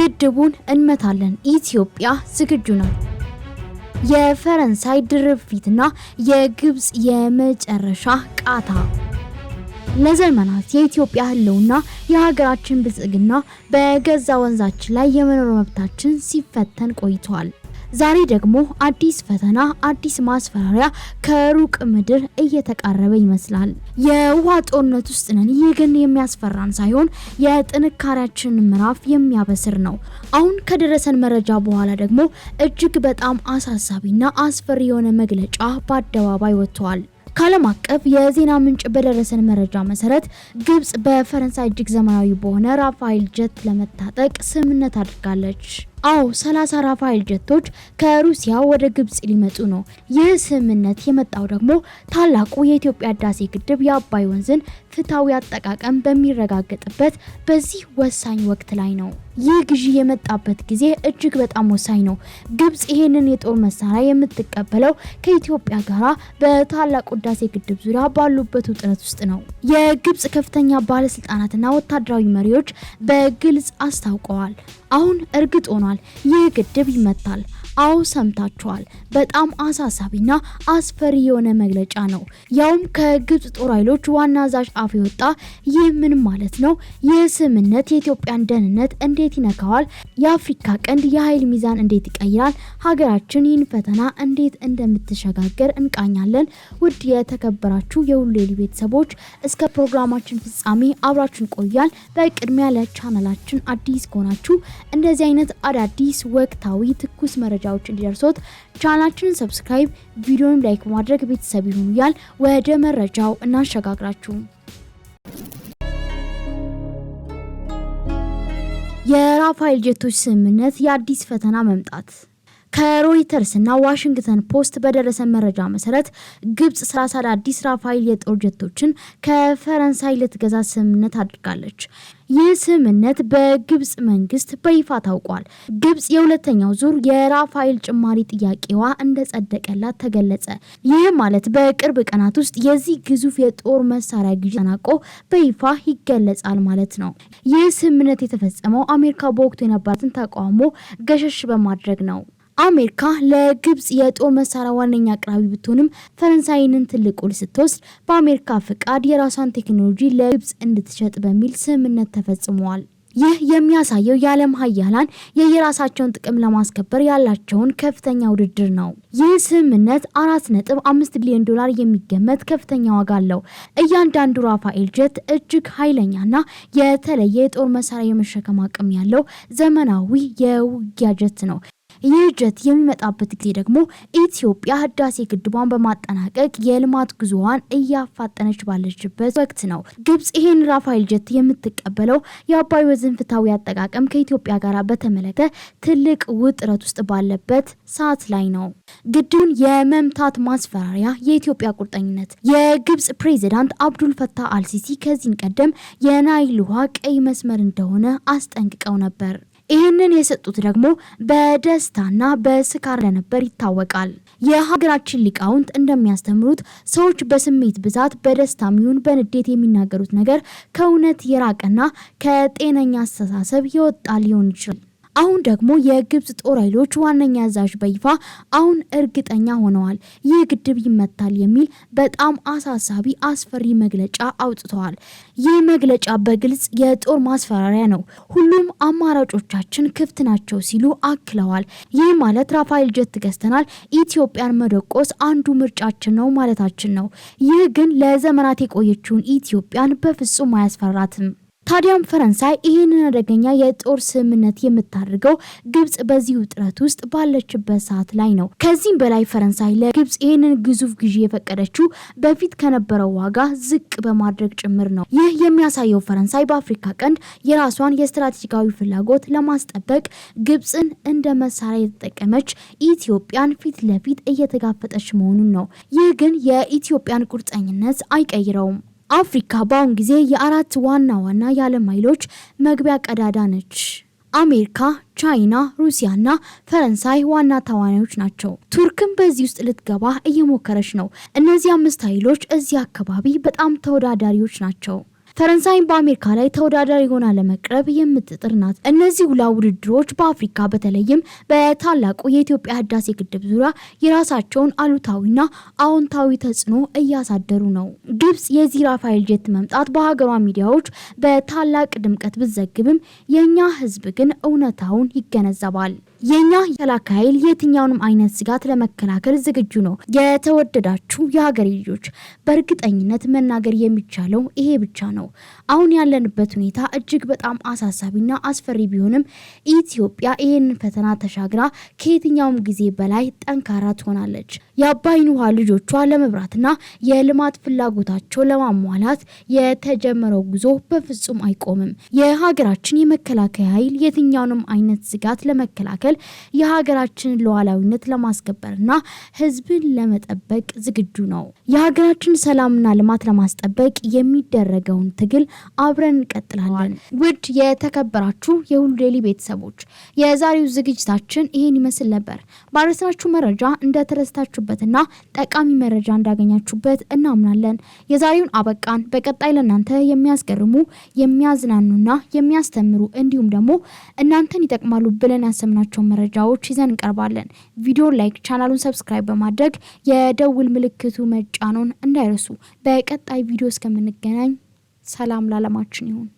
ግድቡን እንመታለን፣ ኢትዮጵያ ዝግጁ ነው። የፈረንሳይ ድርፊትና ፊትና የግብፅ የመጨረሻ ቃታ። ለዘመናት የኢትዮጵያ ህልውና የሀገራችን ብልጽግና በገዛ ወንዛችን ላይ የመኖር መብታችን ሲፈተን ቆይቷል። ዛሬ ደግሞ አዲስ ፈተና፣ አዲስ ማስፈራሪያ ከሩቅ ምድር እየተቃረበ ይመስላል። የውሃ ጦርነት ውስጥ ነን። ይህ ግን የሚያስፈራን ሳይሆን የጥንካሬያችን ምዕራፍ የሚያበስር ነው። አሁን ከደረሰን መረጃ በኋላ ደግሞ እጅግ በጣም አሳሳቢና አስፈሪ የሆነ መግለጫ በአደባባይ ወጥተዋል። ከዓለም አቀፍ የዜና ምንጭ በደረሰን መረጃ መሰረት ግብጽ በፈረንሳይ እጅግ ዘመናዊ በሆነ ራፋኤል ጀት ለመታጠቅ ስምምነት አድርጋለች። አዎ ሰላሳ ራፋኤል ጀቶች ከሩሲያ ወደ ግብጽ ሊመጡ ነው። ይህ ስምምነት የመጣው ደግሞ ታላቁ የኢትዮጵያ ህዳሴ ግድብ የአባይ ወንዝን ፍትሐዊ አጠቃቀም በሚረጋገጥበት በዚህ ወሳኝ ወቅት ላይ ነው። ይህ ግዢ የመጣበት ጊዜ እጅግ በጣም ወሳኝ ነው። ግብጽ ይህንን የጦር መሳሪያ የምትቀበለው ከኢትዮጵያ ጋራ በታላቁ ህዳሴ ግድብ ዙሪያ ባሉበት ውጥረት ውስጥ ነው። የግብጽ ከፍተኛ ባለስልጣናትና ወታደራዊ መሪዎች በግልጽ አስታውቀዋል። አሁን እርግጥ ሆኗል። ይህ ግድብ ይመታል። አዎ ሰምታችኋል። በጣም አሳሳቢና አስፈሪ የሆነ መግለጫ ነው። ያውም ከግብጽ ጦር ኃይሎች ዋና አዛዥ አፍ የወጣ። ይህ ምን ማለት ነው? ይህ ስምምነት የኢትዮጵያን ደህንነት እንዴት ይነካዋል? የአፍሪካ ቀንድ የኃይል ሚዛን እንዴት ይቀይራል? ሀገራችን ይህን ፈተና እንዴት እንደምትሸጋገር እንቃኛለን። ውድ የተከበራችሁ የሁሉ ዴይሊ ቤተሰቦች እስከ ፕሮግራማችን ፍጻሜ አብራችን ቆያል። በቅድሚያ ለቻናላችን አዲስ ከሆናችሁ እንደዚህ አይነት አዳዲስ ወቅታዊ ትኩስ መረጃዎች እንዲደርሶት ቻናችንን ሰብስክራይብ፣ ቪዲዮን ላይክ ማድረግ ቤተሰብ ይሁኑ ያል ወደ መረጃው እናሸጋግራችሁ። የራፋኤል ጀቶች ስምምነት የአዲስ ፈተና መምጣት ከሮይተርስ እና ዋሽንግተን ፖስት በደረሰ መረጃ መሰረት ግብጽ ሰላሳ አዳዲስ ራፋኤል የጦር ጀቶችን ከፈረንሳይ ልትገዛ ስምምነት አድርጋለች። ይህ ስምምነት በግብጽ መንግስት በይፋ ታውቋል። ግብጽ የሁለተኛው ዙር የራፋኤል ጭማሪ ጥያቄዋ እንደጸደቀላት ተገለጸ። ይህ ማለት በቅርብ ቀናት ውስጥ የዚህ ግዙፍ የጦር መሳሪያ ግዢ ተጠናቆ በይፋ ይገለጻል ማለት ነው። ይህ ስምምነት የተፈጸመው አሜሪካ በወቅቱ የነበራትን ተቃውሞ ገሸሽ በማድረግ ነው። አሜሪካ ለግብጽ የጦር መሳሪያ ዋነኛ አቅራቢ ብትሆንም ፈረንሳይንን ትልቅ ውል ስትወስድ በአሜሪካ ፍቃድ የራሷን ቴክኖሎጂ ለግብጽ እንድትሸጥ በሚል ስምምነት ተፈጽመዋል። ይህ የሚያሳየው የዓለም ሀያላን የየራሳቸውን ጥቅም ለማስከበር ያላቸውን ከፍተኛ ውድድር ነው። ይህ ስምምነት አራት ነጥብ አምስት ቢሊዮን ዶላር የሚገመት ከፍተኛ ዋጋ አለው። እያንዳንዱ ራፋኤል ጀት እጅግ ኃይለኛና የተለየ የጦር መሳሪያ የመሸከም አቅም ያለው ዘመናዊ የውጊያ ጀት ነው። ይህ እድገት የሚመጣበት ጊዜ ደግሞ ኢትዮጵያ ህዳሴ ግድቧን በማጠናቀቅ የልማት ጉዞዋን እያፋጠነች ባለችበት ወቅት ነው። ግብጽ ይህን ራፋኤል ጀት የምትቀበለው የአባይ ወዝን ፍትሐዊ አጠቃቀም ከኢትዮጵያ ጋር በተመለከተ ትልቅ ውጥረት ውስጥ ባለበት ሰዓት ላይ ነው። ግድቡን የመምታት ማስፈራሪያ የኢትዮጵያ ቁርጠኝነት። የግብጽ ፕሬዚዳንት አብዱል ፈታህ አልሲሲ ከዚህ ቀደም የናይል ውሃ ቀይ መስመር እንደሆነ አስጠንቅቀው ነበር። ይህንን የሰጡት ደግሞ በደስታና በስካር ለነበር ይታወቃል። የሀገራችን ሊቃውንት እንደሚያስተምሩት ሰዎች በስሜት ብዛት በደስታም ይሁን በንዴት የሚናገሩት ነገር ከእውነት የራቀና ከጤነኛ አስተሳሰብ የወጣ ሊሆን ይችላል። አሁን ደግሞ የግብጽ ጦር ኃይሎች ዋነኛ አዛዥ በይፋ አሁን እርግጠኛ ሆነዋል። ይህ ግድብ ይመታል የሚል በጣም አሳሳቢ አስፈሪ መግለጫ አውጥተዋል። ይህ መግለጫ በግልጽ የጦር ማስፈራሪያ ነው። ሁሉም አማራጮቻችን ክፍት ናቸው ሲሉ አክለዋል። ይህ ማለት ራፋኤል ጀት ገዝተናል፣ ኢትዮጵያን መደቆስ አንዱ ምርጫችን ነው ማለታችን ነው። ይህ ግን ለዘመናት የቆየችውን ኢትዮጵያን በፍጹም አያስፈራትም። ታዲያም ፈረንሳይ ይህንን አደገኛ የጦር ስምምነት የምታደርገው ግብጽ በዚህ ውጥረት ውስጥ ባለችበት ሰዓት ላይ ነው። ከዚህም በላይ ፈረንሳይ ለግብጽ ይህንን ግዙፍ ግዢ የፈቀደችው በፊት ከነበረው ዋጋ ዝቅ በማድረግ ጭምር ነው። ይህ የሚያሳየው ፈረንሳይ በአፍሪካ ቀንድ የራሷን የስትራቴጂካዊ ፍላጎት ለማስጠበቅ ግብጽን እንደ መሳሪያ የተጠቀመች ኢትዮጵያን ፊት ለፊት እየተጋፈጠች መሆኑን ነው። ይህ ግን የኢትዮጵያን ቁርጠኝነት አይቀይረውም። አፍሪካ በአሁን ጊዜ የአራት ዋና ዋና የዓለም ኃይሎች መግቢያ ቀዳዳ ነች። አሜሪካ፣ ቻይና፣ እና ፈረንሳይ ዋና ተዋናዮች ናቸው። ቱርክም በዚህ ውስጥ ልትገባ እየሞከረች ነው። እነዚህ አምስት ኃይሎች እዚህ አካባቢ በጣም ተወዳዳሪዎች ናቸው። ፈረንሳይን በአሜሪካ ላይ ተወዳዳሪ ሆና ለመቅረብ የምትጥር ናት። እነዚህ ሁላ ውድድሮች በአፍሪካ በተለይም በታላቁ የኢትዮጵያ ህዳሴ ግድብ ዙሪያ የራሳቸውን አሉታዊና አዎንታዊ ተጽዕኖ እያሳደሩ ነው። ግብጽ የዚህ ራፋኤል ጀት መምጣት በሀገሯ ሚዲያዎች በታላቅ ድምቀት ብዘግብም የእኛ ህዝብ ግን እውነታውን ይገነዘባል። የእኛ የከላከያ ኃይል የትኛውንም አይነት ስጋት ለመከላከል ዝግጁ ነው። የተወደዳችሁ የሀገሬ ልጆች፣ በእርግጠኝነት መናገር የሚቻለው ይሄ ብቻ ነው። አሁን ያለንበት ሁኔታ እጅግ በጣም አሳሳቢና አስፈሪ ቢሆንም ኢትዮጵያ ይህንን ፈተና ተሻግራ ከየትኛውም ጊዜ በላይ ጠንካራ ትሆናለች። የአባይን ውሃ ልጆቿ ለመብራትና የልማት ፍላጎታቸው ለማሟላት የተጀመረው ጉዞ በፍጹም አይቆምም። የሀገራችን የመከላከያ ኃይል የትኛውንም አይነት ስጋት ለመከላከል በመታገል የሀገራችንን ሉዓላዊነት ለማስከበርና ህዝብን ለመጠበቅ ዝግጁ ነው። የሀገራችን ሰላምና ልማት ለማስጠበቅ የሚደረገውን ትግል አብረን እንቀጥላለን። ውድ የተከበራችሁ የሁሉ ዴይሊ ቤተሰቦች የዛሬው ዝግጅታችን ይህን ይመስል ነበር። ባረስናችሁ መረጃ እንደተረስታችሁበትና ጠቃሚ መረጃ እንዳገኛችሁበት እናምናለን። የዛሬውን አበቃን። በቀጣይ ለእናንተ የሚያስገርሙ የሚያዝናኑና የሚያስተምሩ እንዲሁም ደግሞ እናንተን ይጠቅማሉ ብለን ያሰምናቸው ያልናቸውን መረጃዎች ይዘን እንቀርባለን። ቪዲዮ ላይክ፣ ቻናሉን ሰብስክራይብ በማድረግ የደውል ምልክቱ መጫኖን እንዳይረሱ። በቀጣይ ቪዲዮ እስከምንገናኝ ሰላም ላለማችን ይሁን።